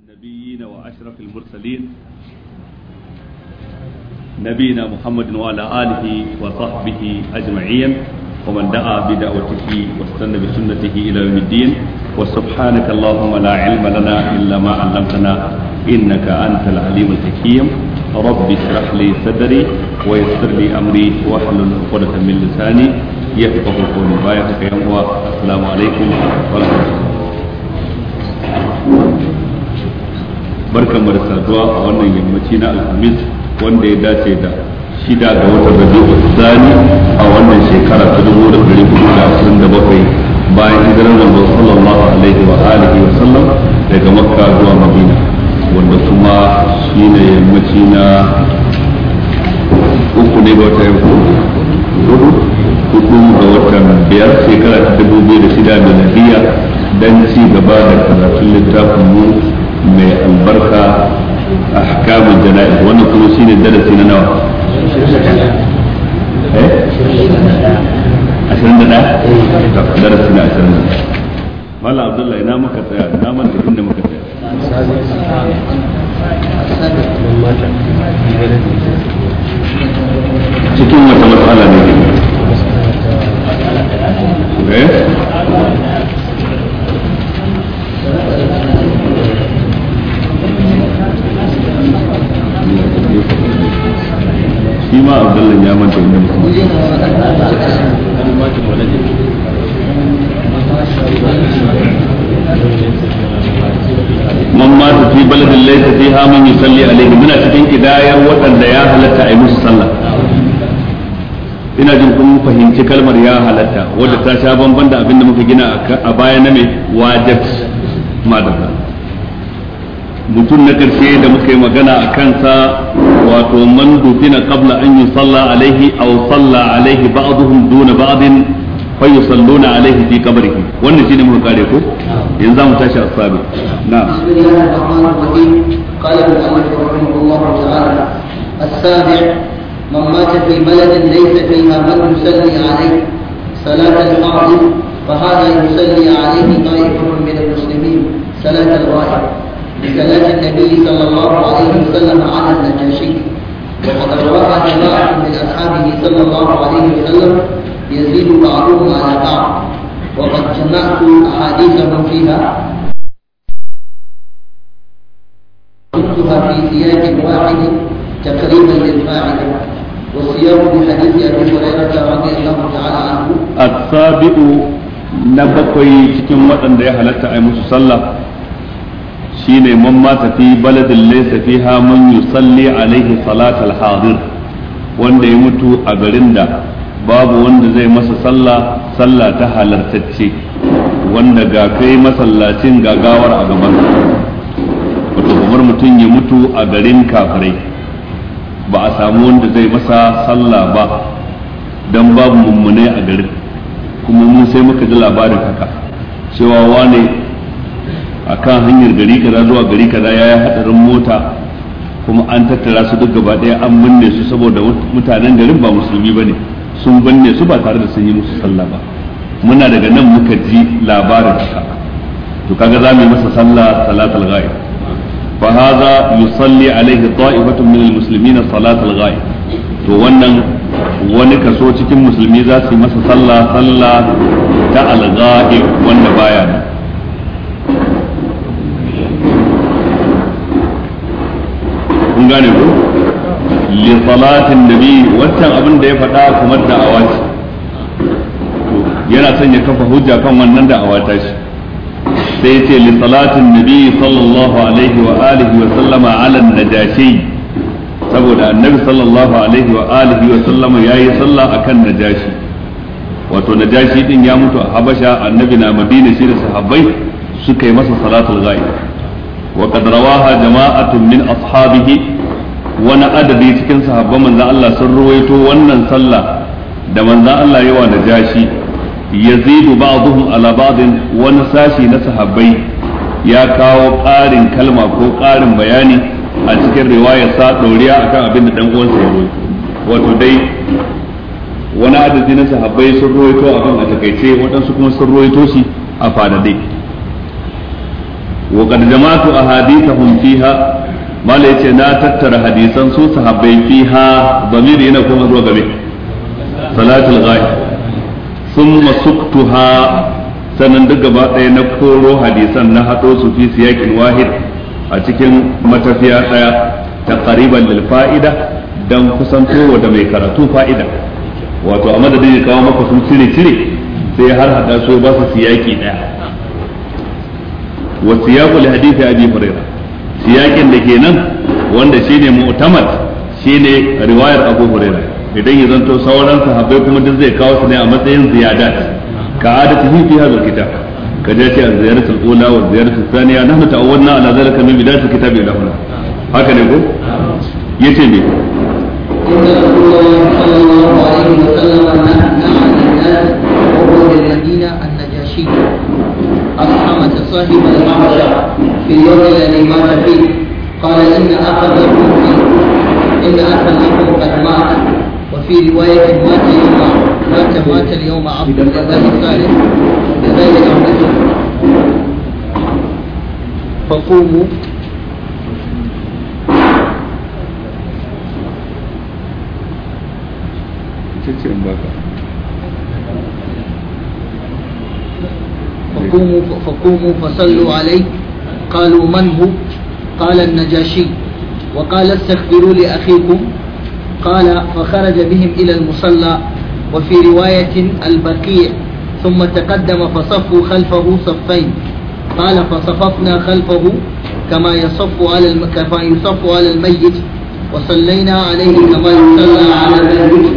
النبيين وأشرف المرسلين نبينا محمد وعلى آله وصحبه أجمعين ومن دعا بدعوته واستنى بسنته إلى يوم الدين وسبحانك اللهم لا علم لنا إلا ما علمتنا إنك أنت العليم الحكيم رب اشرح لي صدري ويسر لي أمري واحلل عقدة من لساني يفقه قولي بايعك يا السلام عليكم ورحمة الله barkanmu da saduwa a wannan yammaci na alhamis wanda ya dace da shida ga watan rabi'u tsani a wannan shekara ta dubu da ɗari hudu da ashirin da bakwai bayan hijirar manzo sallallahu alaihi wa alihi wa sallam daga makka zuwa madina wanda kuma shine yammaci na uku ne ga wata yanku hudu hudu ga watan biyar shekara ta dubu biyu da shida da lafiya dan ci gaba da karatun littafin mu mai albarka ahkamul jana'i wannan kuma ne darasi na nawa eh 21 darasi na 21 mallam abdullahi ina muka tsaya ina manta inda muka tsaya cikin wata matsala ne baladin laysa fiha man yusalli alayhi muna cikin kidayar waɗanda ya halatta a musu sallah ina jin kun fahimci kalmar ya halatta wanda ta sha bamban da abin da muka gina a baya na mai wajibi madalla mutum na karshe da muka yi magana a kansa wato man dufina qabla an yusalla alaihi aw salla alaihi ba'dhum duna ba'din fa yusalluna alaihi fi qabrihi wannan shine muka kare ko yanzu za نعم. بسم الله الرحمن الرحيم قال المؤلف رحمه الله تعالى السابع من مات في بلد ليس فيها من يصلي عليه صلاة الفرض فهذا يصلي عليه طائفة من المسلمين صلاة الواحد بصلاة النبي صلى الله عليه وسلم على النجاشي وقد روى جماعة من أصحابه صلى الله عليه وسلم يزيد بعضهم على بعض وقد جمعت أحاديثهم فيها قلتها في سياق واحد تقريبا للفاعل والسياق بحديث أبي هريرة رضي الله تعالى عنه السابق na bakwai cikin waɗanda ya halatta a yi musu sallah shi ne man mata fi baladin laysa fiha man yusalli alaihi salatal hadir wanda ya mutu a garin da babu wanda zai masa sallah sallah ta halartacce wanda ga kai masallacin gagawar a gaban wato kamar mutum ya mutu a garin kafirai ba a samu wanda zai masa sallah ba don babu mummunai a garin kuma mun sai muka ji labarin haka cewa wane a kan hanyar gari kaza zuwa gari kaza ya yi hadarin mota kuma an tattara su duk gaba ɗaya an binne su saboda mutanen garin ba musulmi ba ne sun binne su ba tare da sun yi musu sallah ba muna daga nan muka ji labarin haka to kaga za mu masa sallah salatul ghaib fa hadha yusalli alaihi ta'ifatun min almuslimin salatul ghaib to wannan wani kaso cikin musulmi za su yi masa sallah sallah ta al-ghaib wanda baya nan kun gane ko li salatin biyu wancan abin da ya faɗa kuma da'awa ce yana son ya kafa hujja kan wannan da'awa ta shi sai ce li salatin biyu sallallahu alaihi wa alihi wa sallama al'an ala jashi saboda annabi sallallahu alaihi wa alihi wa sallama ya yi sallah a kan akan jashi wato jashi din ya mutu a habasha annabi na madina shi da sahabbai suka yi masa salatul ghaib wa qad rawaha jama'atun min ashabihi wani adadi cikin sahabban manzan Allah sun ruwaito wannan sallah da manzan Allah yawa da jashi yazidu ba'dhum ala ba'din wani sashi na sahabbai ya kawo ƙarin kalma ko ƙarin bayani a cikin riwayar sa ɗoriya kan abin da ɗan uwansa ya ruwaito wato dai wani adadi na sahabbai sun ruwaito abin a takaice waɗansu kuma sun ruwaito shi a fadadai وقد جمعت أحاديثهم فيها mala ce na tattara hadisan su sahabbai fiha zamiri yana kuma zuwa gabe salatul ghaib thumma suktuha sanan duk gaba ɗaya na koro hadisan na haɗo su fi siyakin wahid a cikin matafiya ɗaya ta qariban lil fa'ida dan kowa da mai karatu fa'ida wato a madadin ya kawo maka sun cire cire sai har haɗa su ba su siyaki ɗaya wa siyaqul hadisi abi hurairah yakin da ke nan wanda shi ne shine shi ne riwayar Abu Hurairah idan ya zanto sauran sahabbai kuma duk zai kawo su ne a matsayin ziyadat ka adatihi fi hadha kitab ka je a ziyaratul ula wa ziyaratul thaniya nahnu ta'awwadna ala zalika min bidayatil kitab ila huna haka ne ko yace me أصحاب صاحب المعركة في اليوم الذي مات فيه قال إن أخا إن أخا له قد مات وفي رواية مات يوم مات مات اليوم عبد الله الثالث لذلك فقوموا فقوموا فقوموا فصلوا عليه قالوا من هو قال النجاشي وقال استغفروا لأخيكم قال فخرج بهم إلى المصلى وفي رواية البقيع ثم تقدم فصفوا خلفه صفين قال فصففنا خلفه كما يصف على كما يصف على الميت وصلينا عليه كما يصلى على الميت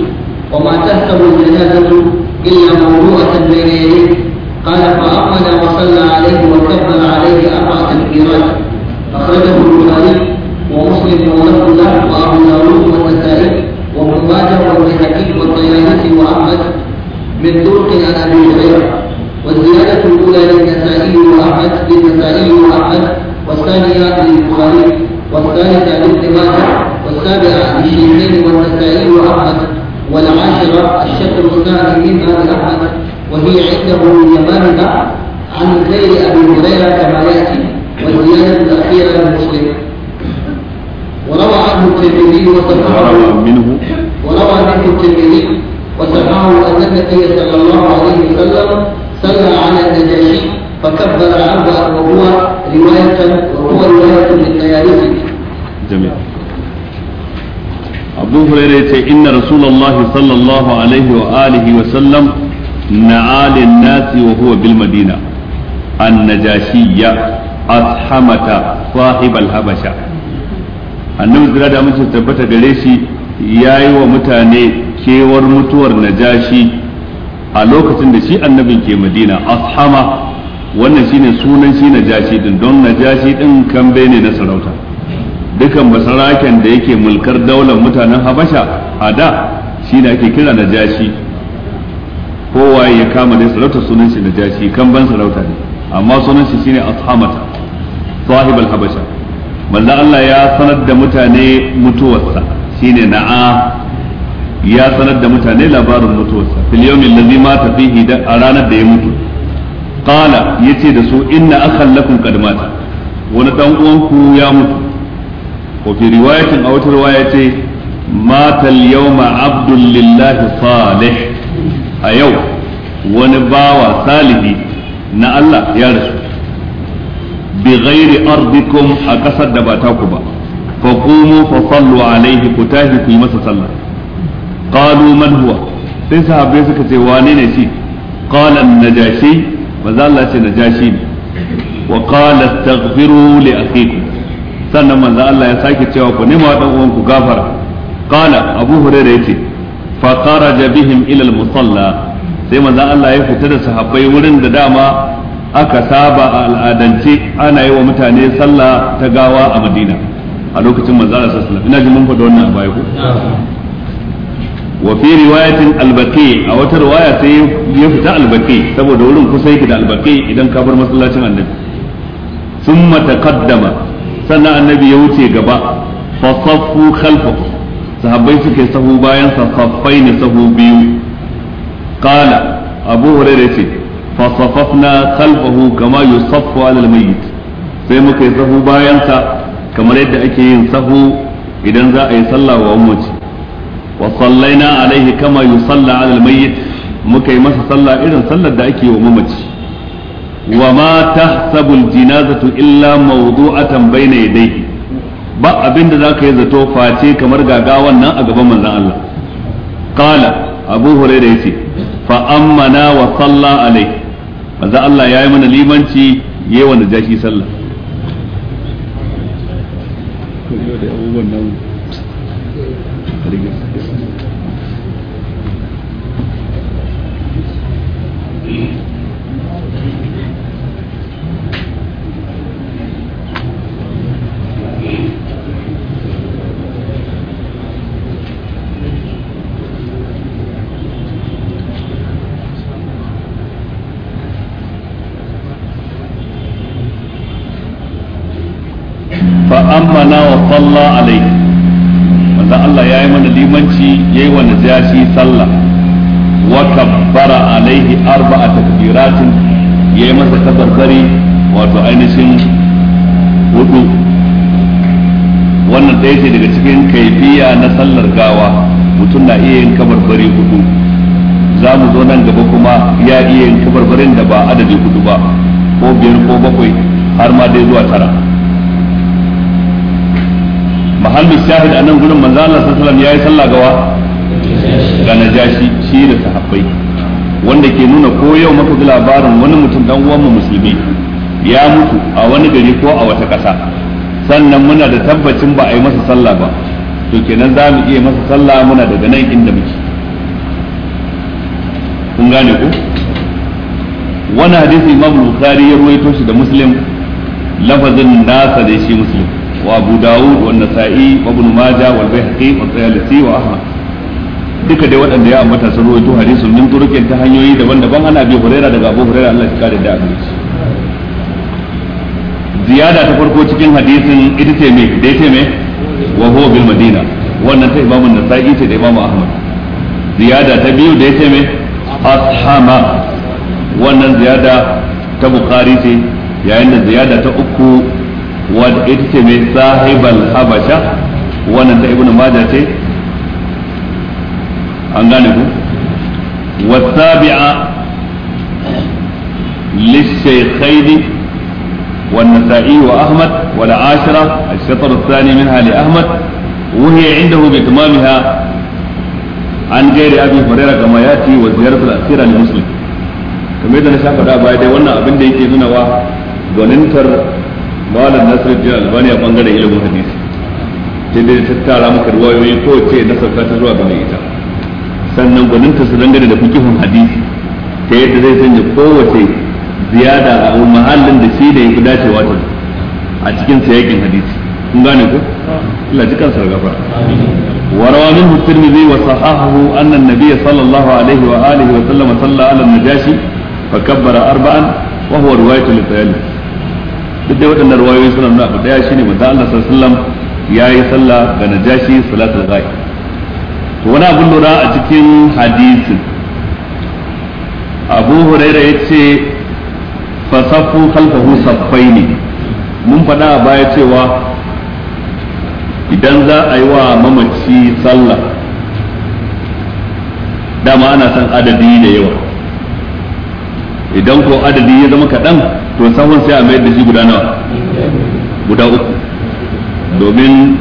وما تهتم الجنازة إلا موضوعة بين يديه قال فأقبل وصلى عليه وكبر الجيران أخرجه البخاري ومسلم وله الله وأبو داود والنسائي وابن ماجه والبيهقي والطيالسي وأحمد من طرق عن أبي هريرة والزيادة الأولى للنسائي وأحمد للنسائي وأحمد والثانية للبخاري والثالثة لابن ماجه والسابعة للشيخين والنسائي وأحمد والعاشرة الشكر الثاني أبي لأحمد وهي عنده يمانها عن غير أبي هريرة كما يأتي الأخيرة وروى عنه الترمذي وصفحه وروى عنه الترمذي وصفحه أن النبي صلى الله عليه وسلم صلى على النجاشي فكبر عبده وهو رواية وهو رواية للتيارسي جميل أبو هريرة إن رسول الله صلى الله عليه وآله وسلم sallam na'a وهو بالمدينة ya ashamata sahibal habasha annabi zira da muke tabbata gare shi yayi wa mutane kewar mutuwar najashi a lokacin da shi annabin ke madina ashama wannan shine sunan shi najashi din don najashi din kambe ne na sarauta dukan basaraken da yake mulkar daular mutanen habasha a da shi ne ake kira najashi kowa ya kama da sarauta sunan shi najashi kamban sarauta ne amma sunan shi shine ashamata sahib al-habasha manzo Allah ya sanar da mutane mutuwarsa shine na'a ya sanar da mutane labarin mutuwarsa fil yawmin ladhi mata fihi da a ranar da ya mutu qala yace da su inna akhan lakum qad mata wani dan ku ya mutu wa fi riwayatin a wata riwaya ce mata al-yawma abdul lillahi salih a yau wani bawa salihi na Allah ya rasu bi ghairi ardikum a kasar da ba ku ba fa qumu fa sallu alaihi ku tashi ku yi masa sallah qalu man huwa sai sahabbai suka ce wane ne shi qala an-najashi manzo Allah ce najashi ne wa qala astaghfiru li akhikum sannan manzo Allah ya sake cewa ku nema dan uwan ku gafara qala abu hurairah yace fa kharaja bihim ila al-musalla sai manzon Allah ya fita da sahabbai wurin da dama aka saba a al'adance ana yi wa mutane sallah ta gawa a Madina a lokacin manzon Allah sallallahu ina ji mun faɗa wannan a baya ko wa fi riwayatin albaqi a wata riwaya sai ya fita albaqi saboda wurin kusa yake da albaqi idan ka bar masallacin annabi summa taqaddama sannan annabi ya wuce gaba fa saffu khalfahu sahabbai suke sahu bayan sa saffai ne sahu biyu qala abu hurairah ce fa safafna khalfahu kama yusaffu ala almayyit sai muka yi sahu bayan sa kamar yadda ake yin sahu idan za a yi sallah wa ummaci wa sallaina alaihi kama yusalla ala almayyit muka masa sallah irin sallar da ake yi wa mamaci وما تحسب الجنازة إلا موضوعة بين يديه ba abin da za ka yi zato face kamar gagawan nan a gaban manzan Allah qala abu hurairah yace fa ammana wa salla alai maza Allah ya yi mana limanci yayi wanda jashi sallah ammana wa salla alaihi wanda Allah ya yi mana limanci ya yi wani jashi sallah wa kabbara alaihi arba arba'a takbiratin yi masa tabbari wato ainihin hudu wannan ɗaya ce daga cikin kaifiya na sallar gawa mutum na iya yin kabarbari hudu za mu zo nan gaba kuma ya iya yin kabarbarin da ba adadi hudu ba ko biyar ko bakwai har ma dai zuwa tara muhallu shahid a nan gudun manzo Allah sallallahu alaihi wasallam yayi sallah gawa ga najashi shi da sahabbai wanda ke nuna ko yau muka ji labarin wani mutum dan uwan mu musulmi ya mutu a wani gari ko a wata ƙasa sannan muna da tabbacin ba a yi masa sallah ba to kenan za mu iya masa sallah muna daga nan inda muke kun gane ku wani hadisi imam bukhari ya ruwaito shi da muslim lafazin nasa da shi muslim وابو داود والنسائي وابن ماجه والبيهقي والطيالسي واحمد duka dai waɗanda ya ambata sun rubuta hadisin min turukin ta hanyoyi daban-daban ana bi hurera daga Abu Hurairah Allah ya kare da abin ziyada ta farko cikin hadisin ita ce me da ce me wa huwa bil madina wannan ta imamu nasa'i ce da imamu ahmad ziyada ta biyu da ce me ashama wannan ziyada ta bukhari ce yayin da ziyada ta uku wadda ita ce mai sahibal habasha wannan ta ibnu maja ce an gane ku wasabi'a للشيخين والنسائي وأحمد والعاشرة الشطر a منها لأحمد وهي عنده بإتمامها عن غير أبي هريرة كما يأتي وزيارة الأخيرة لمسلم kamar yadda na sha faɗa baya dai wannan abin da yake nunawa gwanintar malam nasiruddin albani a bangaren ilimin hadisi sai dai tattara muka ruwayoyi ko ce na sauka ta zuwa gaba ita sannan ta su dangane da fikihun hadisi ta yadda zai sanya kowace ziyada a mahallin da shi da ya fi dacewa ta a cikin sayakin hadisi kun gane ku ila ji kansa da gafara wa rawa min tirmidhi wa sahahu anna an-nabiy sallallahu alaihi wa alihi wa sallama salla ala an-najashi fa kabbara arba'an wa huwa riwayatu li-tayalli duk da waɗannan ruwayoyi suna nuna abu daya shine manzo Allah sallallahu alaihi wasallam yayi sallah ga najashi salatul ghaib to wani abun lura a cikin hadisin Abu Hurairah yace safu khalfahu safaini mun faɗa a baya cewa idan za a yi wa mamaci sallah dama ana san adadi da yawa idan ko adadi ya zama kaɗan to samun sai a mayar da shi guda nawa guda uku domin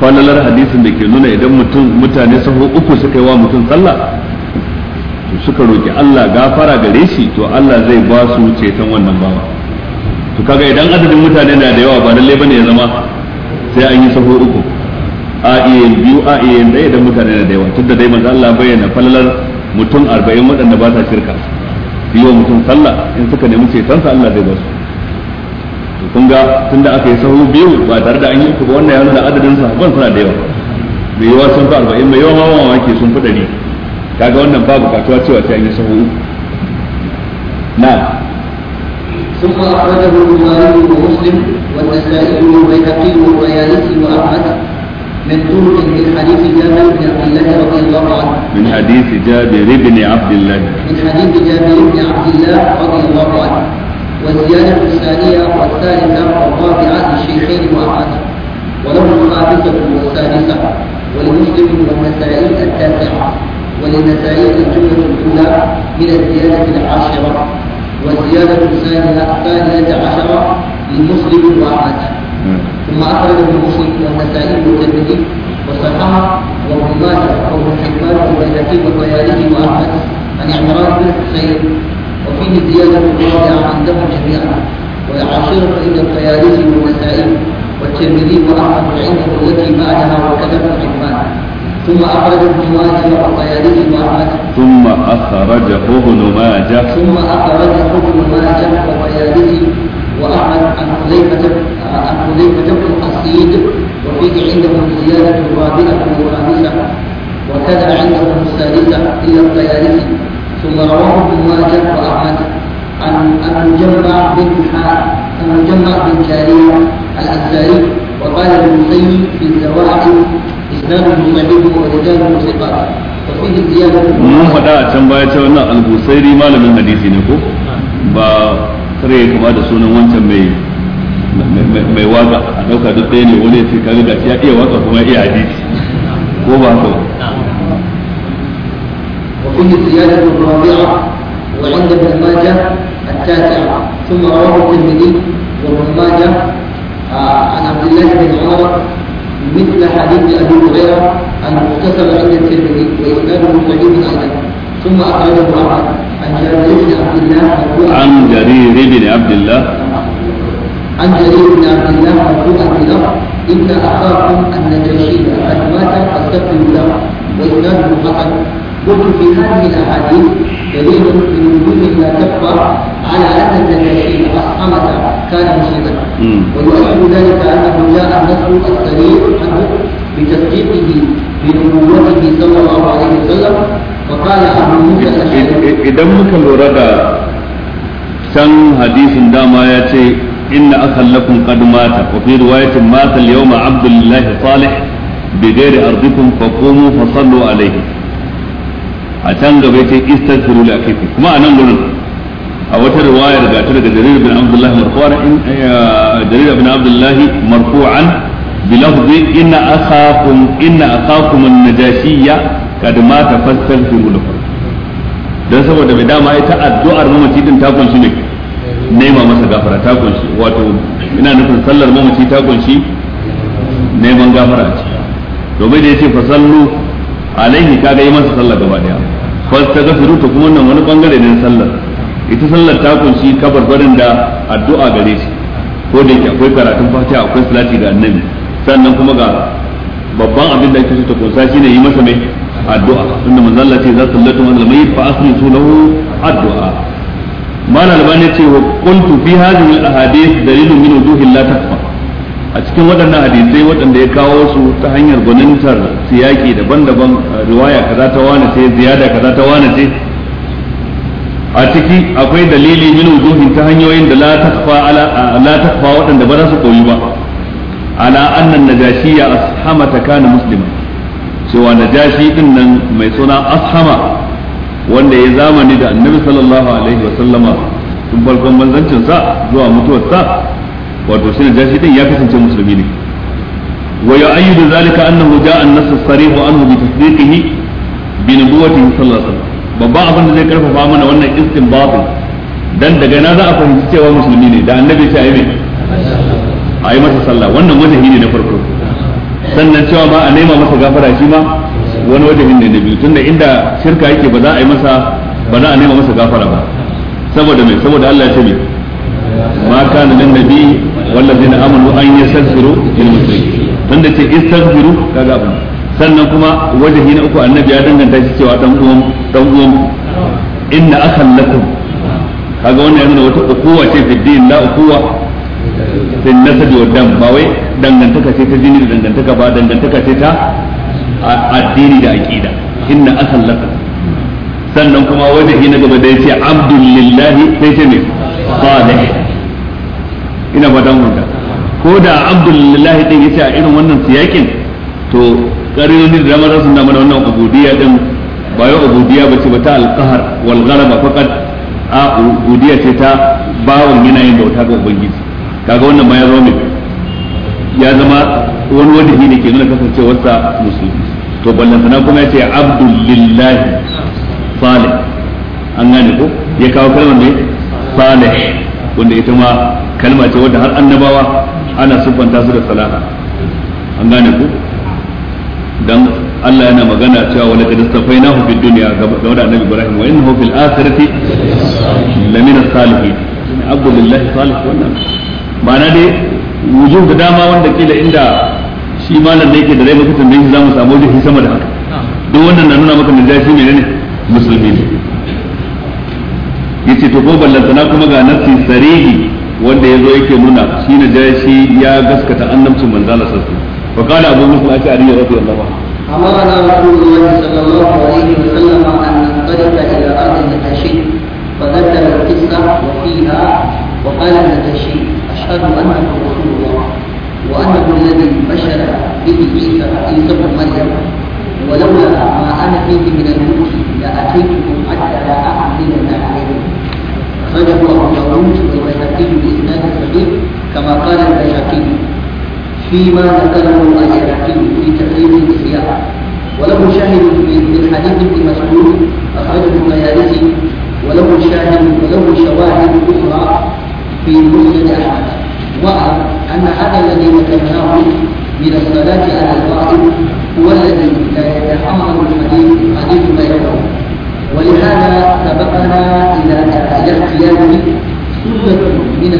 falalar hadisin da ke nuna idan mutum mutane sahu uku suka yi wa mutum sallah suka roki Allah gafara gare shi to Allah zai ba su ceton wannan bawa to kaga idan adadin mutane na da yawa ba lalle bane ya zama sai an yi sahu uku a iya biyu a iya da idan mutane na da yawa tunda dai manzo Allah bayyana falalar mutum 40 waɗanda ba sa shirka su yi wa mutum sallah in suka nemi cetonsa Allah zai ba su kun ga tunda aka yi sahu biyu ba tare da an yi uku ba wannan ya nuna adadin sahabban suna da yawa mai yawa sun fi arba'in mai yawa ma wanke sun fi dari kaga wannan ba bukatuwa cewa sai an yi sahu uku na ثم أخرجه البخاري ومسلم والنسائي والبيهقي والبيانسي وأحمد من طرق من حديث جابر بن عبد الله رضي الله عنه من حديث جابر بن عبد الله من حديث جابر بن عبد الله رضي الله عنه والزيادة الثانية والثالثة والرابعة للشيخين وأحد وله الخامسة والسادسة ولمسلم والنسائي التاسعة وللنسائي الجملة الأولى من الزيادة العاشرة والزيادة الثانية الثانية عشرة لمسلم وأحمد نعم. ثم أخرج ابن مشيك والنسائي المجددين وصححه وابن ماجه وابن حبان والبيهقي والبيالي وأحمد عن اعتراف بن حسين وفيه زيادة رابعة عندهم جميعا ويعاشر بين البيالي والنسائي والترمذي وأحمد العلم التي بعدها وكذا ابن حبان ثم أخرجه ابن ماجه والبيالي وأحمد ثم أخرجه ابن ماجه ثم أخرجه ابن ماجه والبيالي وأحمد عن حذيفة عن حذيفة بن الصيد وفيه عندهم زيادة رابعة وخامسة وكذا عندهم السادسة إلا الطيالسي ثم رواه ابن ماجه وأحمد عن المجمع بن المجمع بن جارية الأنصاري وقال ابن المسيب في الزواحف إسناده ضعيف ورجاله ثقات mun faɗa a can baya ta wannan albusairi malamin hadisi ne ko ba kare kama da sunan wancan mai mai waka a dauka duk ɗaya ne wani sai ce kaga gashi ya iya waka kuma iya hadisi ko ba haka وفيه زيادة الرابعة وعند ابن ماجه التاسعة ثم رواه الترمذي وابن ماجه عن عبد الله بن عمر مثل حديث ابي هريره المغتسل عند الترمذي واسناده صحيح ايضا ثم اخرجه عن جابر بن عبد الله عن جرير بن عبد الله عن جرير بن عبد الله مرفوعا له إن أخاكم أن جيشي قد مات فاستقبلوا له وإسناده حسن قلت في هذه الأحاديث دليل من وجود لا تكفى على أن النجاشي أصحمة كان مصيبا ويؤكد ذلك أنه جاء النص الصريح عنه بتصديقه بنبوته صلى الله عليه وسلم وقال أبو موسى إذا muka lura da can hadisin dama ya inna akhan lakum qad mata wa mata al abdullahi salih bi ghairi ardikum faqumu fasallu alayhi a can gaba yace istaghfiru kuma a nan a wata riwaya daga ta daga jarir bin abdullah marfu'an in jarir bin abdullah marfu'an bi lafzi inna akhakum inna akhakum an-najashiyya kad mata dan saboda bai dama ita addu'ar mamaci din ta kunshi ne nema masa gafara ta kunshi wato ina nufin sallar mamaci ta kunshi neman gafara ce domin da ya ce fasallu alaihi kaga yi masa sallar gaba daya fas ta gafiru ta kuma nan wani bangare ne sallar ita sallar ta kunshi barin da addu'a gare shi ko da yake akwai karatun fatiha akwai salati ga annabi sannan kuma ga babban abin da ake so ta kunsa shine yi masa mai addu'a tunda manzo Allah ce za sallatu man lamayit fa asmitu lahu addu'a mal albani ce wa qultu fi hadhihi al ahadith dalilun min wujuhi la a cikin waɗannan hadisai waɗanda ya kawo su ta hanyar gwanintar siyaki daban-daban riwaya kaza ta wani ce ziyada kaza ta wani ce a ciki akwai dalili min wujuhin ta hanyoyin da latakfa waɗanda ba za su ba ala annan najashiya ashama ta cewa najashi din nan mai suna ashama wanda ya zamani da annabi sallallahu alaihi wa sallama tun farkon manzancin sa zuwa mutuwar sa wato shi jashi din ya kasance musulmi ne wa yu'ayyidu zalika annahu ja'a an-nass as-sarih anhu bi tasdiqihi bi nubuwwatihi sallallahu alaihi wa sallam babban abin da zai karfafa mana wannan istinbatin dan daga na za a fahimci cewa musulmi ne da annabi sai ayi a yi masa sallah wannan wajahi ne na farko sannan cewa ma a nema masa gafara shi ma wani wajen ne na biyu tunda inda shirka yake ba za a yi masa ba za a nema masa gafara ba saboda mai saboda Allah ya ce mai ma kana lin nabi na amanu an yi yastaghfiru lil muslimin tunda ce istaghfiru ga abin sannan kuma wajen na uku annabi ya danganta shi cewa dan uwan dan uwan inna akan lakum kaga wannan yana wata ukuwa ce fi din la ukuwa fi nasabi wa dam ba wai dangantaka ce ta jini da dangantaka ba dangantaka ce ta addini da aqida inna asal lakum sannan kuma wajahi na gaba da yace abdulillahi sai ce ne salih ina ba dan wanda ko da abdulillahi din yace a irin wannan siyakin to karinoni da ramar sun mana wannan ubudiyya din ba yau ubudiyya bace ba ta alqahar wal gharaba faqat a ubudiyya ce ta bawon yana yin bauta ga ubangiji kaga wannan ma ya zo mai ya zama wani wadahi ne ke nuna kasancewarsa musulmi to ballantana kuma ya ce abdulillahi salih an gane ko ya kawo kalmar ne salih wanda ita ma kalma ce wadda har annabawa ana siffanta su da salaha an gane ko dan Allah yana magana cewa wala kad istafainahu fid dunya ga da annabi Ibrahim wa innahu fil akhirati lamina salihin abdullahi salih wannan ma'ana dai wujuh da dama wanda kila inda shi malam ne ke da rai mutum da za mu samu wajen sama da haka duk wannan na nuna maka najashi mai ne musulmi ne yace to ko ballantana kuma ga nafsi sarihi wanda ya yazo yake nuna shi na najashi ya gaskata annabcin manzo Allah sallallahu alaihi wasallam wa qala abu muslim al-ash'ari radiyallahu anhu أمرنا رسول الله صلى الله عليه وسلم أن ننطلق إلى أرض النجاشي فذكر القصة وفيها وقال النجاشي أشهد أنكم وأنه الذي بشر به عيسى عيسى بن مريم ولولا ما أنا فيه من الملك لأتيتكم حتى لا أحملن عليهم أخرجه أبو داوود والبيهقي بإسناد صحيح كما قال البيهقي فيما ذكره البيهقي في تقريب السياق وله شاهد من حديث ابن مسعود أخرجه البيهقي وله شاهد وله شواهد أخرى في مسند أحمد واعلم ان هذا الذي ذكرناه من الصلاه على الفرض هو الذي لا يتحمل الحديث حديث غيره ولهذا سبقنا الى احتياجه سنه من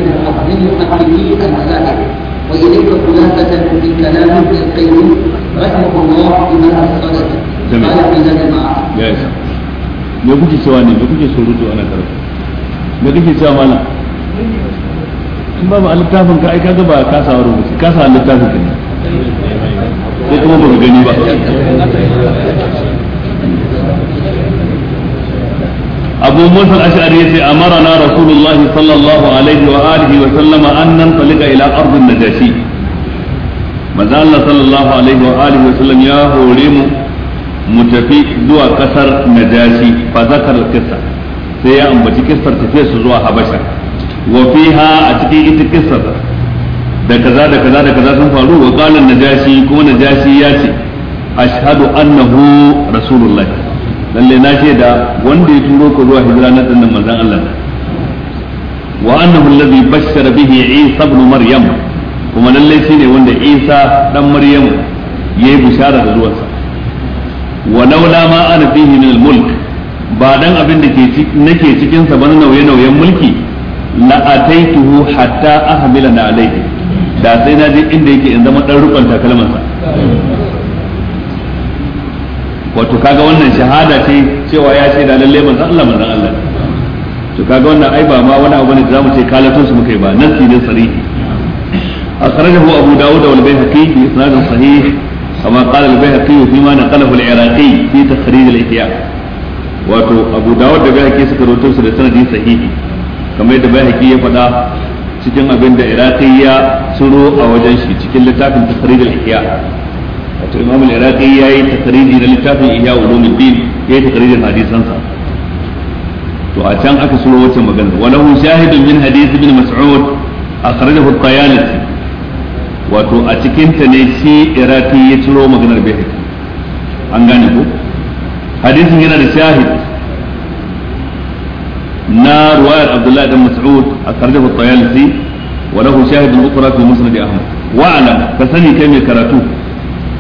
المحققين المذاهب واليك خلاصه في كلام ابن القيم رحمه الله امام الصلاه قال في ذلك المعاد me kuke cewa ne me kuke surutu ana karatu me kuke cewa mana? إيه أبو موسى الأشعري أمرنا رسول الله صلى الله عليه وآله وسلم أن ننطلق إلى أرض النجاشي ماذا الله صلى الله عليه وآله وسلم يا هوريم متفي دوا كسر نجاشي فذكر القصة سيأم بتي كسر تفيس زوا حبشة Wafiha a cikin ita kissa da kaza da kaza da kaza sun faru wa qala najashi kuma najashi ya ce ashhadu annahu rasulullah lalle na shaida wanda ya turo ka zuwa hijira na dinnan manzon Allah wa annahu alladhi bashara bihi Isa ibn Maryam kuma lalle shine wanda Isa dan Maryam yayi bishara da zuwansa wa laula ma ana fihi min al ba dan abin da ke nake cikin sa ba nauye-nauyen mulki la ataituhu hatta ahmila na alaihi da sai na je inda yake in zama dan rukun takalman sa wato kaga wannan shahada ce cewa ya ce da lalle manzon Allah manzon Allah to kaga wannan ai ba ma wani abu ne da zamu ce kalatun su muka yi ba nan sinin sarihi أخرجه أبو داود والبيهقي بإسناد صحيح كما قال البيهقي فيما نقله العراقي في da الإحياء وأبو داود والبيهقي سكروتو سنة sahihi. kamar yadda bai ya faɗa cikin abin da iraqi ya tsuro a wajen shi cikin littafin tafrid da ihya wato imam iraqi ya yi tafridi na littafin ihya din ya yi tafridin hadisan sa to a can aka tsuro wata magana walahu shahidun min hadith ibn mas'ud akhrajahu at-tayalisi wato a cikin ta ne shi iraqi ya tsuro maganar bai an gane ko hadisin yana da shahid na ruwayar abdullahi dan mas'ud a karjafa tsayalisi wa lahu shahidun ukra fi musnad ahmad wa alam ka sani kai mai karatu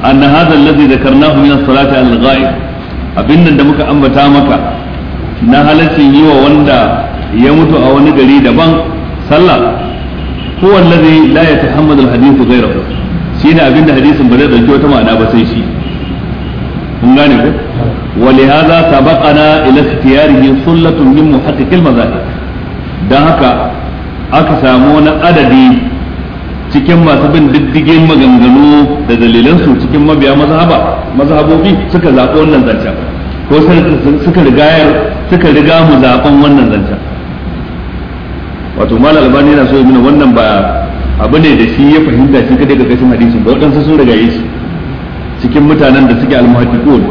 anna hadha alladhi dhakarnahu min as-salati al-ghaib abin da muka ambata maka na halaccin yi wa wanda ya mutu a wani gari daban sallah huwa alladhi la yatahammadu al-hadithu ghayrahu shine abinda hadisin ba zai dauki wata ma'ana ba sai shi kun gane ko ولهذا سبقنا الى اختياره سلة من محقق المذاهب don haka aka samu wani adadi cikin masu bin diddigin maganganu da dalilansu cikin mabiya mazhaba mazhabobi suka zaɓi wannan zancen ko suka rigayar suka riga mu zaɓen wannan zancen wato mal albani yana so mana wannan ba abu ne da shi ya fahimta shi kadai ga kashin hadisi ba waɗansu sun yi shi cikin mutanen da suke almuhaddiqun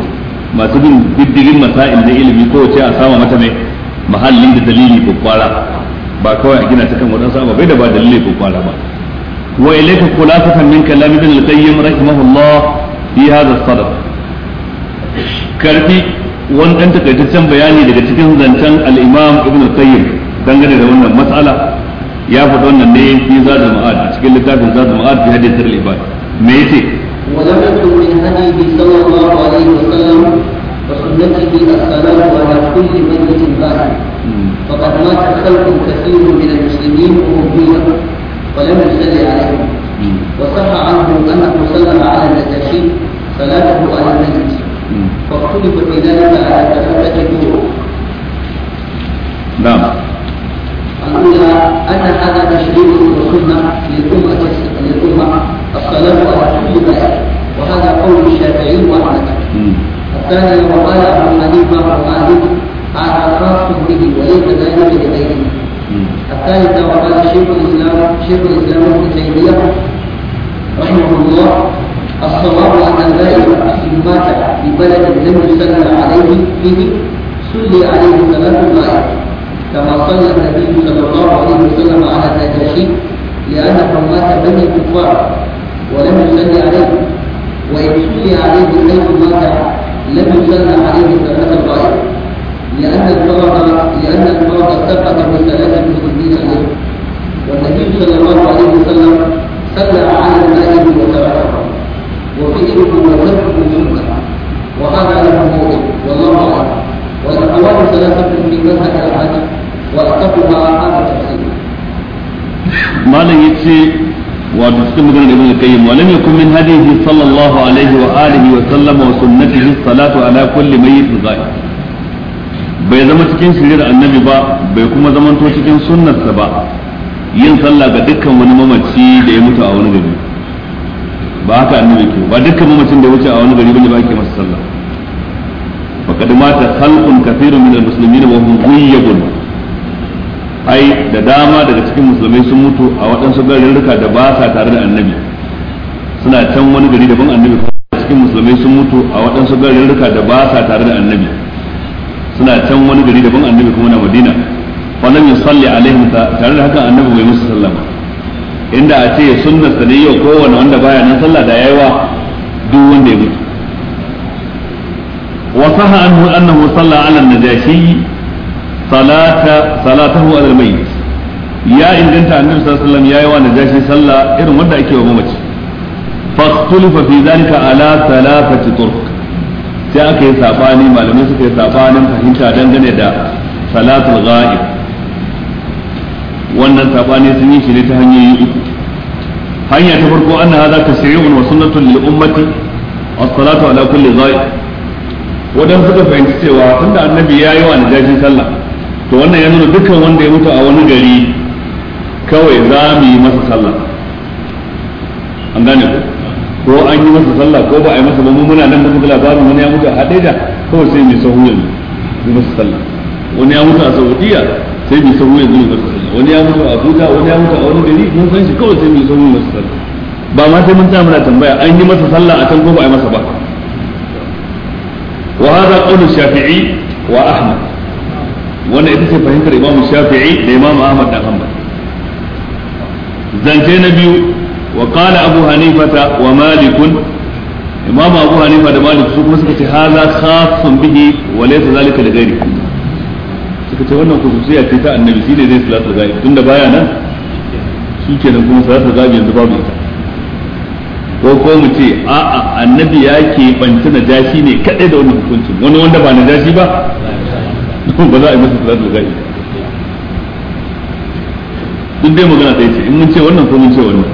masu bin diddigin masail na ilimi ko ce a sama mata mai mahallin da dalili ko kwara ba kawai a gina ta kan wadansu bai da ba dalili ko kwara ba wa ilayka khulasatan min kalam ibn al-qayyim rahimahullah fi hadha as-sadr karfi wani dan takaitaccen bayani daga cikin zancen al-imam ibn al-qayyim dangane da wannan mas'ala ya faɗi wannan ne fi zadul ma'ad cikin littafin zadul ma'ad fi hadith al-ibad me yace ولم يكن من هديه صلى الله عليه وسلم وسنته السلام على كل ميت بعد فقد مات خلق كثير من المسلمين اميا ولم يصل عليهم وصح عنه انه سلم على النجاشي صلاته على النجاشي فاختلف في ذلك على ثلاثه طرق نعم على أن هذا تشريع وسنة للأمة للأمة الصلاة على كل بلد وهذا قول الشافعي وأحمد الثاني وقال أبو حنيفة ومالك هذا خاص به وليس ذلك لغيره الثالثة وقال شيخ الإسلام شيخ الإسلام ابن تيمية رحمه الله الصواب أن البائع إن مات في بلد لم يسلم عليه فيه سلي عليه ثلاث مائة وسلم النبي صلى الله عليه وسلم على النجاشي لأن مات بني الكفار ولم يصلي عليه وإن صلي عليه الليل مات لم يصلى عليه صلاة الغائب لأن الفرض لأن الفرض سقط بصلاة المسلمين عليه والنبي صلى الله عليه وسلم صلى على المائد وتركه وفكره وذبحه سنة وهذا له موضع والله أعلم والأقوال ثلاثة في مذهب الحديث malam ya ce wato cikin maganar ibn al-qayyim wa lam yakun min hadihi sallallahu alaihi wa alihi wa sallam wa sunnatihi salatu ala kulli mayyit zahir bai zama cikin shirin annabi ba bai kuma zamanto cikin sunnarsa ba yin sallah ga dukkan wani mamaci da ya mutu a wani gari ba haka annabi ke ba dukkan mamacin da ya wuce a wani gari bane ba ake masa sallah faqad mata khalqun kathirun min al-muslimin wa hum ghayyabun ai da dama daga cikin musulmai sun mutu a waɗansu garuruka da ba sa tare da annabi suna can wani gari daban annabi cikin musulmai sun mutu a waɗansu garuruka da ba sa tare da annabi suna can wani gari daban annabi kuma na madina wannan ya salli alaihim tare da haka annabi bai musu sallama inda a ce sunnar sa ne yau kowanne wanda baya nan sallah da yayi wa duk wanda ya mutu wa saha annahu sallallahu ala najashi salata salatahu alal mayyit ya inganta annabi sallallahu alaihi sallah irin wanda ake wa mamaci fakhtulifa fi zalika ala thalathati turq sai aka yi sabani malamai suka yi sabanin fahimta dangane da salatul ghaib wannan sabani sun yi shi ta hanyoyi uku hanya ta farko anna hadha tashri'un wa sunnatun lil ummati as-salatu ala kulli ghaib wadan suka fahimci cewa tunda annabi ya sallah to wannan ya nuna dukkan wanda ya mutu a wani gari kawai za mu yi masa sallah an gane ko an yi masa sallah ko ba a yi masa ba mu muna nan da muka labarin wani ya mutu a haɗe da kawai sai mai sahu yanzu yi masa sallah wani ya mutu a saudiya sai mai sahu yanzu yi masa sallah wani ya mutu a abuja wani ya mutu a wani gari mun san shi kawai sai mai sahu yi masa sallah ba ma sai mun ta muna tambaya an yi masa sallah a can ko ba a yi masa ba wa hada qawlu shafi'i wa ahmad wanda ita ce fahimtar imamu shafi'i da imamu ahmad da hanbal zance na biyu wa qala abu hanifata wa malikun imamu abu hanifa da malik su kuma suka ce haza khasun bihi wa laysa zalika li ghairi suka ce wannan khususiyya ce ta annabi shi ne zai salatu ghaib tunda baya nan shi kenan kuma salatu ghaib yanzu babu ita ko ko mu ce a'a annabi ya ke banci jashi ne kadai da wannan hukuncin wani wanda ba na jashi ba ba za a yi masa salatul ga'i duk dai magana ɗaya ce in mun ce wannan ko mun ce wannan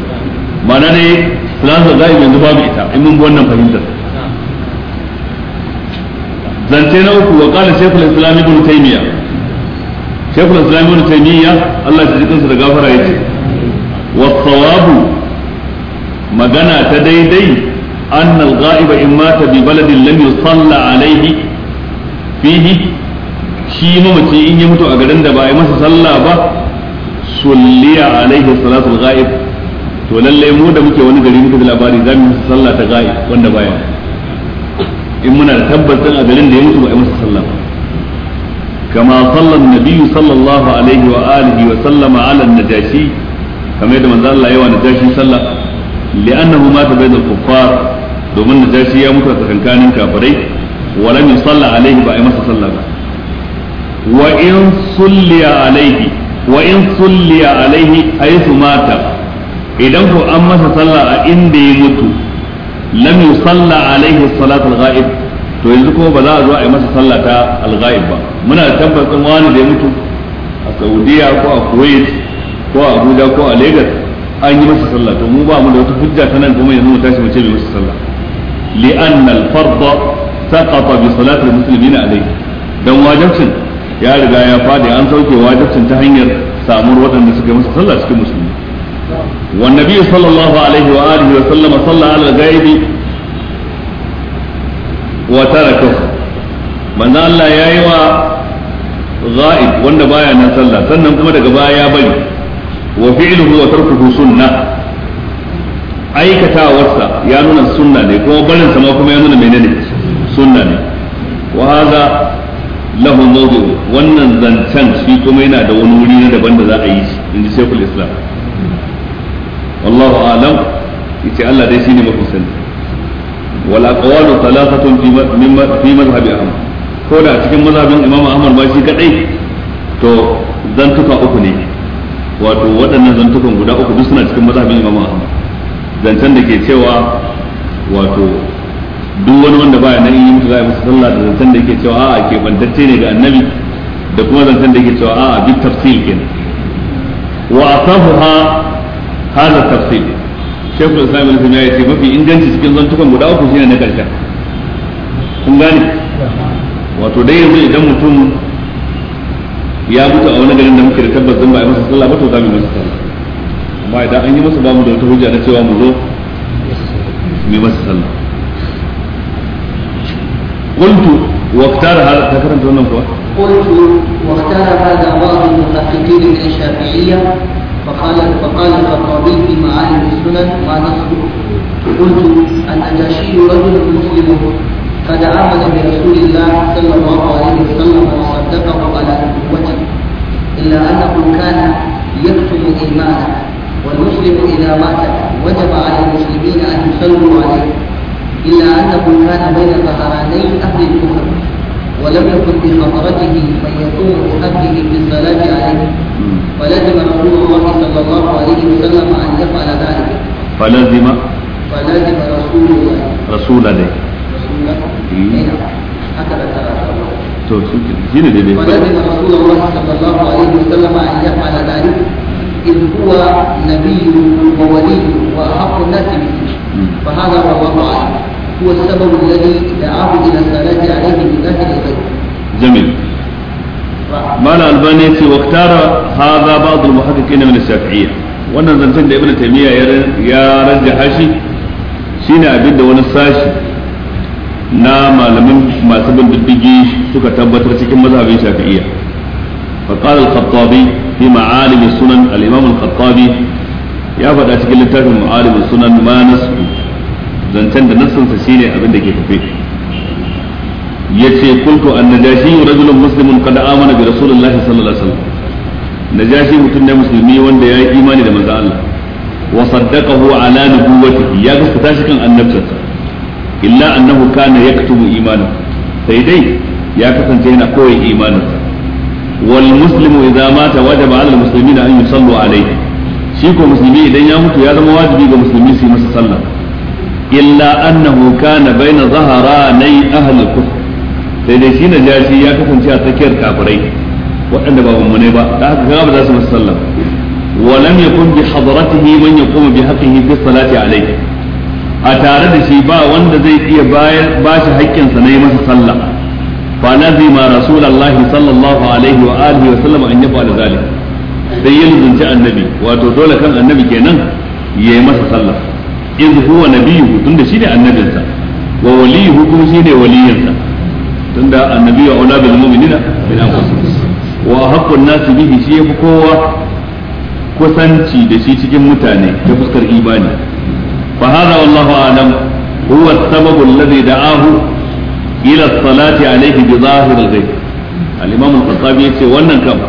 ma'ana dai salatul ga'i yanzu babu ita in mun bi wannan fahimtar zance na uku wa qala shaykhul islam ibn taymiya shaykhul islam ibn taymiya Allah ya ji kansa da gafara yace wa thawabu magana ta daidai أن الغائب إن مات ببلد لم يصلى عليه fihi. shi mamaci in ya mutu a garin da ba ya masa sallah ba sulliya alaihi salatul ghaib to lallai mu da muke wani gari muke da labari za mu masa sallah ta ghaib wanda baya in muna da tabbacin a garin da ya mutu ba ya masa sallah ba kama sallan nabiyyu sallallahu alaihi wa alihi wa sallama ala najashi kamar yadda manzo Allah yawa najashi sallah li'annahu mata baydal kuffar domin najashi ya mutu a tsakankanin kafirai wa lam yusalla alaihi ba ya masa sallah ba wa in sulliya alaihi wa in sulliya alaihi haythu mata idan ko an masa sallah a inda ya mutu lam yusalla alaihi salatul ghaib to yanzu kuma ba za a zo a yi masa sallah ta al-ghaib ba muna tabbatar wani da ya mutu a Saudiya ko a Kuwait ko a Abuja ko a Lagos an yi masa sallah to mu ba mu da wata hujja ta nan kuma yanzu mu tashi mu ce bai masa sallah li'anna al-fardha saqata bi salati al-muslimina alayhi dan wajibcin ya riga ya fadi an sauke wajibcin ta hanyar samuwar waɗanda suka masa sallah cikin musulmi والنبي صلى الله عليه وآله وسلم صلى على الغائب وتركه من الله يا يوا غائب wanda baya nan sallah sannan kuma daga baya ya bari wa fi'luhu wa tarkuhu sunnah aikatawarsa ya nuna sunna ne kuma barin ma kuma ya nuna sunna ne Wahaza. lahu mawdu wannan zancen shi kuma yana da wani wuri na daban da za a yi shi in ji shaykhul islam wallahu alam yace Allah dai shine mafi sani wal aqwalu thalathatun fi fi madhhab ahmad ko da cikin mazhabin imam ahmad ba shi kadai to zantuka uku ne wato waɗannan zantukan guda uku duk suna cikin mazhabin imam ahmad zancen da ke cewa wato duk wani wanda baya nan yi musu za a musu sallah da zantan da yake cewa a'a ke bantacce ne ga annabi da kuma zantan da yake cewa a'a bi tafsil kenan wa ha hada tafsil shekul islam ibn ya ce mafi inganci cikin zantukan guda uku shine na karshen kun gane wato dai yanzu idan mutum ya mutu a wani garin da muke da tabbas zan ba a masa sallah ba to za mu yi masa sallah amma idan an yi masa ba mu da wata hujja na cewa mu zo mu yi masa sallah قلت واختار هذا ذكرت wannan قلت واختار هذا بعض المحققين من الشافعيه فقال فقال الخطابي في معالم السنن ما نصبه قلت النجاشي رجل مسلم قد عمل برسول الله صلى الله عليه وسلم وصدقه على نبوته الا انه كان يكتم ايمانه والمسلم اذا مات وجب على المسلمين ان يصلوا عليه إلا أنه كان بين ظهراني أهل الكفر ولم يكن في خطرته من يقوم بحقه الصلاة عليه فلزم رسول الله صلى الله عليه وسلم أن يفعل ذلك فلزم فلزم رسول الله رسول الله إيه. إيه. فلزم رسول الله صلى الله عليه وسلم أن يفعل ذلك إذ هو نبي وولي وأحق الناس به فهذا والله الله هو السبب الذي دعاه الى الصلاه عليه من اهل البيت. جميل. مال الباني في واختار هذا بعض المحققين من الشافعية وانا زنزن دا ابن تيمية يا رجل حاشي سينا عبد وانا الساشي نام لمن ما سبن بالبيجي سكا تبت رسيكم مذهب الشافعية فقال الخطابي في معالم السنن الامام الخطابي يا فتاة كل تاتم معالم السنن ما نسبه zancen da nassansa shine abin da ke tafe yace kuntu annajashi rajulun muslimun qad amana bi rasulillahi sallallahu alaihi wasallam najashi mutum ne musulmi wanda ya yi imani da manzo Allah wa saddaqahu ala nubuwwatihi ya gaskata shi kan annabtarsa illa annahu kana yaktubu imanahu sai dai ya kasance yana koyi imanin. wal muslimu idza mata wajaba ala muslimina an yusallu alayhi shi ko musulmi idan ya mutu ya zama wajibi ga musulmi su yi masa sallah illa annahu kana baina zaharanai ahlul kufr sai dai shi jashi ya kasance a tsakiyar kafirai waɗanda ba mummune ba da haka ga ba za su masa sallah ولم يكن بحضرته من يقوم بحقه في الصلاة عليه a tare da shi ba wanda zai iya bayar ba shi haƙƙinsa na yi masa sallah fa lazima rasulullah sallallahu alaihi wa alihi wa sallam an yafa da zalik sai ya lubunci annabi wato dole kan annabi kenan ya yi masa sallah iz huwa nabiyuhu tunda shine annabinsa wa waliyuhu kuma shine waliyinsa tunda annabiyyu aula bil mu'minina min anfusihim wa haqqu an-nas bihi shi yafi kowa kusanci da shi cikin mutane ta fuskar imani fa hada wallahu a'lam huwa as-sababu alladhi da'ahu ila as-salati alayhi bi zahir al-ghaib al-imam al-qattabi yace wannan kam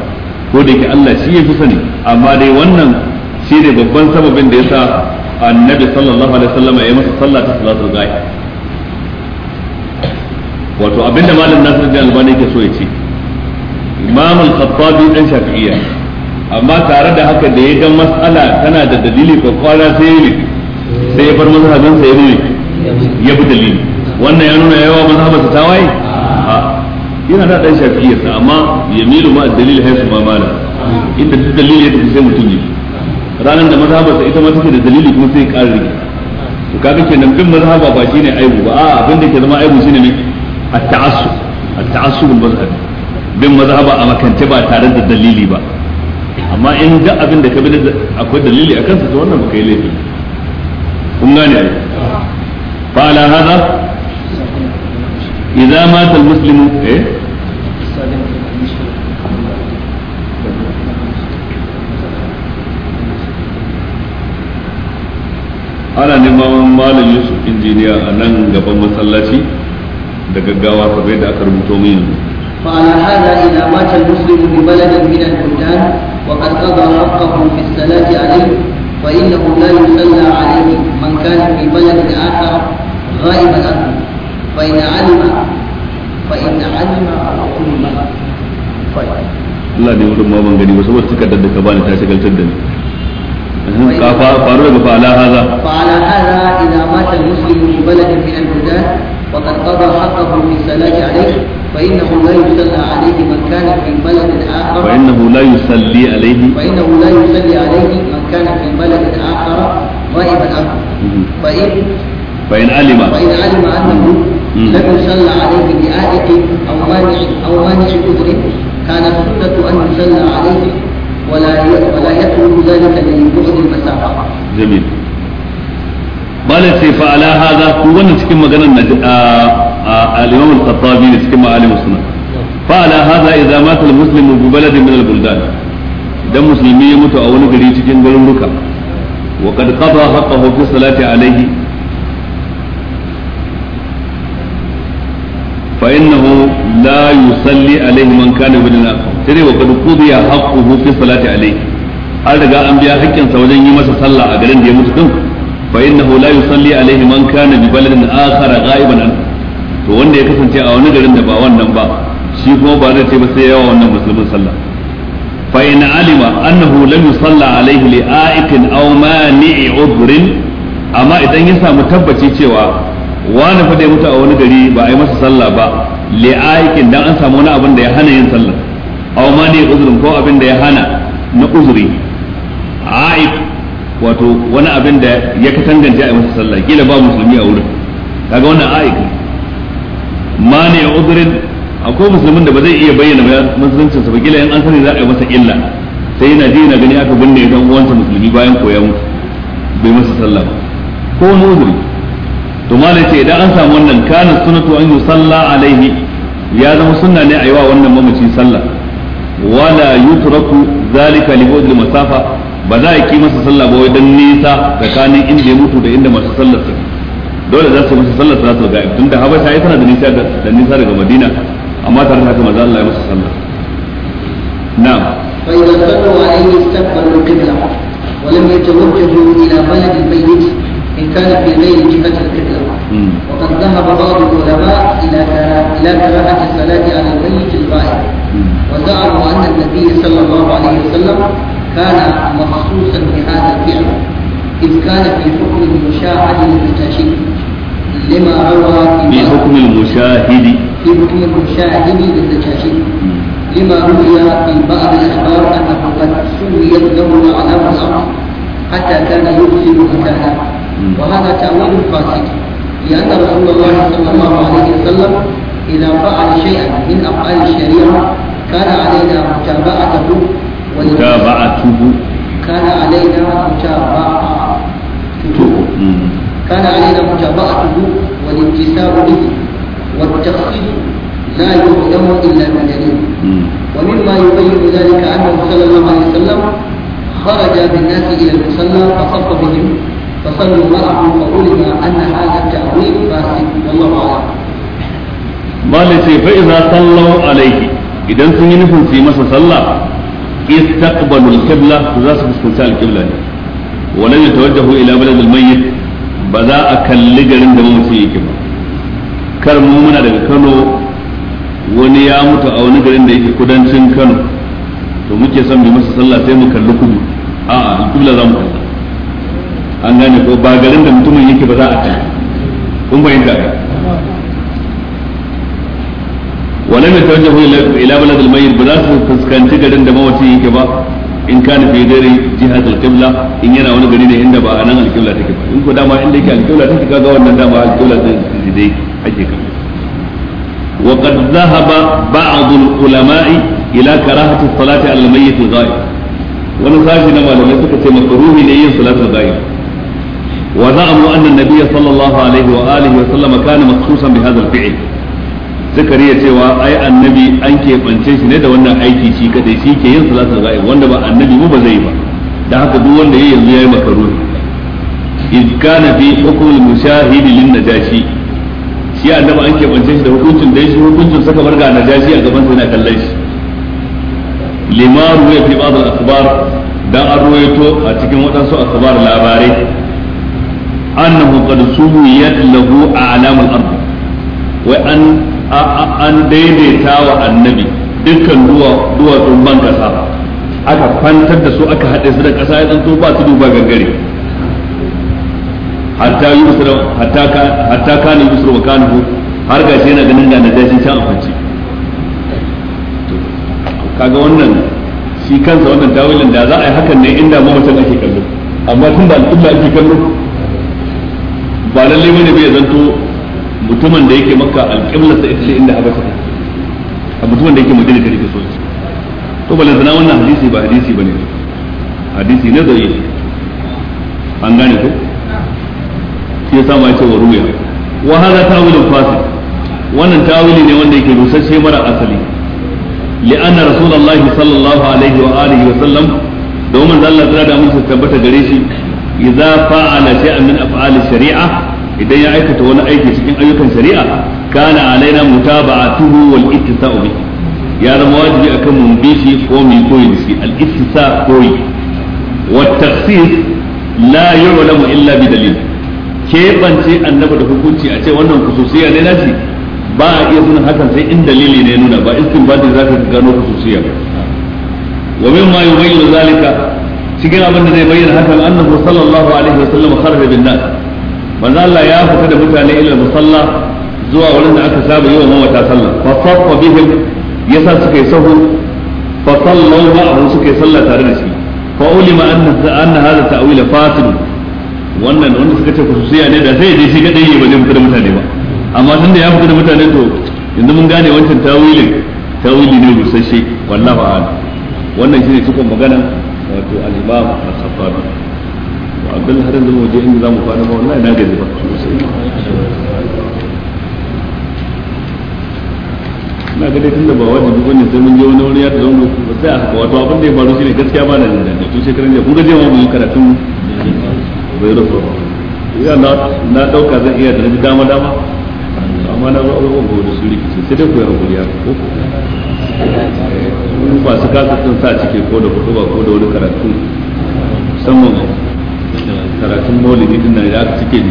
ko da yake Allah shi yafi sani amma dai wannan shi ne babban sababin da yasa annabi sallallahu alaihi wasallam ya masa sallah ta salatul gaib wato abinda malam nasir bin albani yake so ya ce imam al-khattabi dan shafi'iyya amma tare da haka da ya ga mas'ala tana da dalili ko kwara sai ne sai ya bar mazhabin sa ya ne ya bi dalili wannan ya nuna yawa mazhabin ta tawaye yana da dan shafi'iyya amma yamilu ma dalil haisu ma malam inda duk dalili ya tafi sai mutum ne ranar da mazhabarsa ita ma take da dalili kuma sai ƙara rigi to kaga kenan bin mazhaba ba shine aibu ba a abin da ke zama aibu shine ne at-ta'assub at-ta'assub al-mazhabi bin mazhaba a makance ba tare da dalili ba amma in da abin da ka bi akwai dalili a kansa to wannan ba kai laifi kun gane ai fa ala hada idza mata al-muslimu eh ana neman malam yusuf injiniya a nan gaban masallaci da gaggawa kamar da aka rubuto min فعلى هذا إذا مات المسلم ببلد من البلدان وقد قضى حقه في الصلاة عليه فإنه لا يصلى عليه من كان في بلد آخر غائبا عنه فإن علم فإن علم علم Allah ne wurin da فارو daga fa'ala haza fa'ala haza idza mata al-muslimu fi baladin وقد قضى حقه في الصلاة عليه فإنه لا يصلى عليه من كان في بلد آخر فإنه لا يصلي عليه فإنه لا يصلي عليه من كان في بلد آخر غائبا عنه فإن فإن علم فإن علم أنه لم يصلى عليه بآية أو مانع أو مانع عذر كانت السنة أن يصلى عليه ولا ولا يترك ذلك لبعد المسافة جميل malai ce fa ala hada ku wannan cikin maganar na al-imam al-qattabi ne cikin ma'alim sunan fa ala hada idza mata al-muslimu bi baladin min al-buldan idan musulmi ya mutu a wani gari cikin garin ruka wa qad qada haqqahu fi salati alayhi fa innahu la yusalli alayhi man kana min al sai wa kadu kudu ya haqquhu fi salati alai an riga an biya haƙƙinsa wajen yi masa sallah a garin da ya mutu din fa innahu la yusalli alaihi man kana bi baladin akhar ghaiban to wanda ya kasance a wani garin da ba wannan ba shi kuma ba zai ce ba sai yawa wannan musulmin sallah fa in alima annahu lam yusalla alaihi li aikin aw mani'i udhrin amma idan ya samu tabbaci cewa wani fa da ya mutu a wani gari ba a yi masa sallah ba li aikin dan an samu wani abin da ya hana yin sallah aw ma ne uzurin ko abin da ya hana na uzuri aib wato wani abin da ya katanganta a masa sallah kila ba musulmi a wurin kaga wannan aib ma ne uzurin akwai musulmin da ba zai iya bayyana ba musuluncin sa ba kila in an sani za a yi masa illa sai yana ji yana gani aka binne dan uwansa musulmi bayan koya mutu bai masa sallah ba ko wani uzuri to malai ce idan an samu wannan kana sunatu an yusalla alaihi ya zama sunna ne a yi wa wannan mamaci sallah wala yutraku zalika li ba'd masafa ba za a ki masa sallah ba wai dan nisa tsakanin inda ya mutu da inda masu sallar sa dole za su masa sallar salatul ga'ib tunda habasha ai tana da nisa da nisa daga madina amma tare da haka manzo Allah ya masa sallah na'am fa idza sallu alayhi istaqbalu al-qibla wa lam yatawajjahu ila balad al-mayyit in kana fi ghayri jihati ذهب بعض العلماء إلى إلى كراهة الصلاة على الميت الغائب وزعموا أن النبي صلى الله عليه وسلم كان مخصوصا بهذا الفعل إذ كان في حكم المشاهد المستشهد لما روى في حكم المشاهد في حكم المشاهد للتشاشيد لما روي في بعض الأخبار أنه قد سميت له علامة الأرض حتى كان يرسل مكانها وهذا تأويل فاسد لأن رسول الله صلى الله عليه وسلم إذا فعل شيئا من أفعال الشريعة كان علينا متابعته متابعته كان علينا متابعته كان علينا متابعته والانتساب به والتخصيص لا يقدم إلا بدليل ومما يبين ذلك أنه صلى الله عليه وسلم خرج بالناس إلى المصلى فصف بهم فصلوا الله عن قولنا أن هذا التأويل فاسد والله أعلم مالتي فإذا صلوا عليه idan sun yi nufin su yi masa sallah istaqbalul qibla za su fuskanci al-qibla ya tawajjahu ila balad al ba za a kalli garin da mutum yake ba kar mu muna daga Kano wani ya mutu a wani garin da yake kudancin Kano to muke son mu masa sallah sai mu kalli kudu a'a al za mu kalla an gane ko ba garin da mutumin yake ba za a kai kun bayyana ka ولم يتوجهوا الى ba za su fuskanci garin da mawaci yake ba in kana fi dare jihad al-qibla in yana wani gari ne inda ba anan al-qibla take ba in ko dama inda yake al-qibla take kaga wannan dama al-qibla din dai ake kan wa qad dhahaba ba'd al-ulama'i ila karahati as-salati al-mayyit al-ghaib wani sashi na malamai suka ce makruhi ne yin salatul ghaib وزعموا أن النبي صلى الله عليه وآله وسلم كان مخصوصا بهذا الفعل zakari ya cewa ai annabi an keɓance shi ne da wannan aiki shi kadai shi ke yin salatul ghaib wanda ba annabi mu ba zai ba da haka duk wanda ya yanzu yayi makaruri iz kana fi hukm al mushahid lin najashi shi annabi an keɓance shi da hukuncin da shi hukuncin saka barga najashi a gaban sa yana kallon shi limaru ya fi ba'd al akhbar dan an ruwaito a cikin wadansu akhbar labarai annahu qad sumiyat lahu a'lamul ardh wa an an daidaita wa annabi dukkan duwa duwa tun ban kasa aka kwantar da su aka haɗe su da kasa ya zanto ba su duba gangare hatta yusra hatta ka hatta kana yusra wa kana har gashi yana ganin da najashi can a kwance kaga wannan shi kansa wannan tawilin da za a yi hakan ne inda mamacin ake kallo amma tun da al'umma ake kallo ba lalle wani bai zanto mutumin da yake maka alƙiblar sa ita ce inda haba ta a mutumin da yake madina ta rike soci to ba lazana wannan hadisi ba hadisi ba ne. hadisi ne zai an gane ko shi ya samu yace wa ruya wa hada tawilun fasid wannan tawili ne wanda yake rusasshe mara asali لأن رسول الله wa الله عليه وآله وسلم دوما زال da تعالى tabbata gare shi. idza fa'ala shay'an min af'al shari'a idan ya aikata wani aiki cikin ayyukan shari'a kana alaina mutaba'atuhu wal ittisa'u bi ya zama wajibi akan mun bi shi ko mu koyi da shi al ittisa koyi wa tafsir la yu'lamu illa bi dalil kebance annabi da hukunci a ce wannan kususiya ne shi ba a iya sunan hakan sai in dalili ne nuna ba istinbadi zaka gano kususiya ba wa mimma yubayyin zalika cikin abin da zai bayyana hakan annabi sallallahu alaihi wasallam kharaja bin nas manzo Allah ya fita da mutane ila musalla zuwa wurin da aka saba yawan mawata sallah fa saffa bihim yasa suka yi sahu fa sallu ma'ahu suka yi sallah tare da shi fa ulima anna anna hadha ta'wil fasid wannan wanda suka ce kususiya ne da zai je shi ga ne ba zai fita da mutane ba amma da ya fita da mutane to yanzu mun gane wancan tawilin tawili ne busasshe wallahu a'lam wannan shine cikon magana. wato al'imam a safari safawi wa abdul harin da waje inda mu fara ba wallahi na gaji ba na ga dai tunda ba wajibi bane sai mun je wani wani ya zango ba sai aka wato abin da ya faru ne gaskiya ba na jin daɗi tun shekaran jiya kun ga karatun bai rufe ba ya na dauka zan iya da dama dama amma na ba abubuwan ba wani sun rikice sai dai ku ya hakuri ya masu kasa sun sa cike ko da kudu ba ko da wani karatu musamman karatun maulidi din nan ya cike da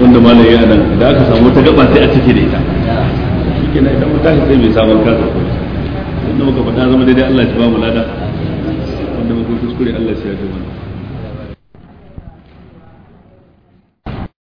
wanda ma na yi nan da aka samu wata gaba sai a cike da ita shi ke na idan mutane sai mai samun kasa wanda muka faɗa zama daidai Allah shi ba mu lada wanda muka kuskure Allah shi ya ji mana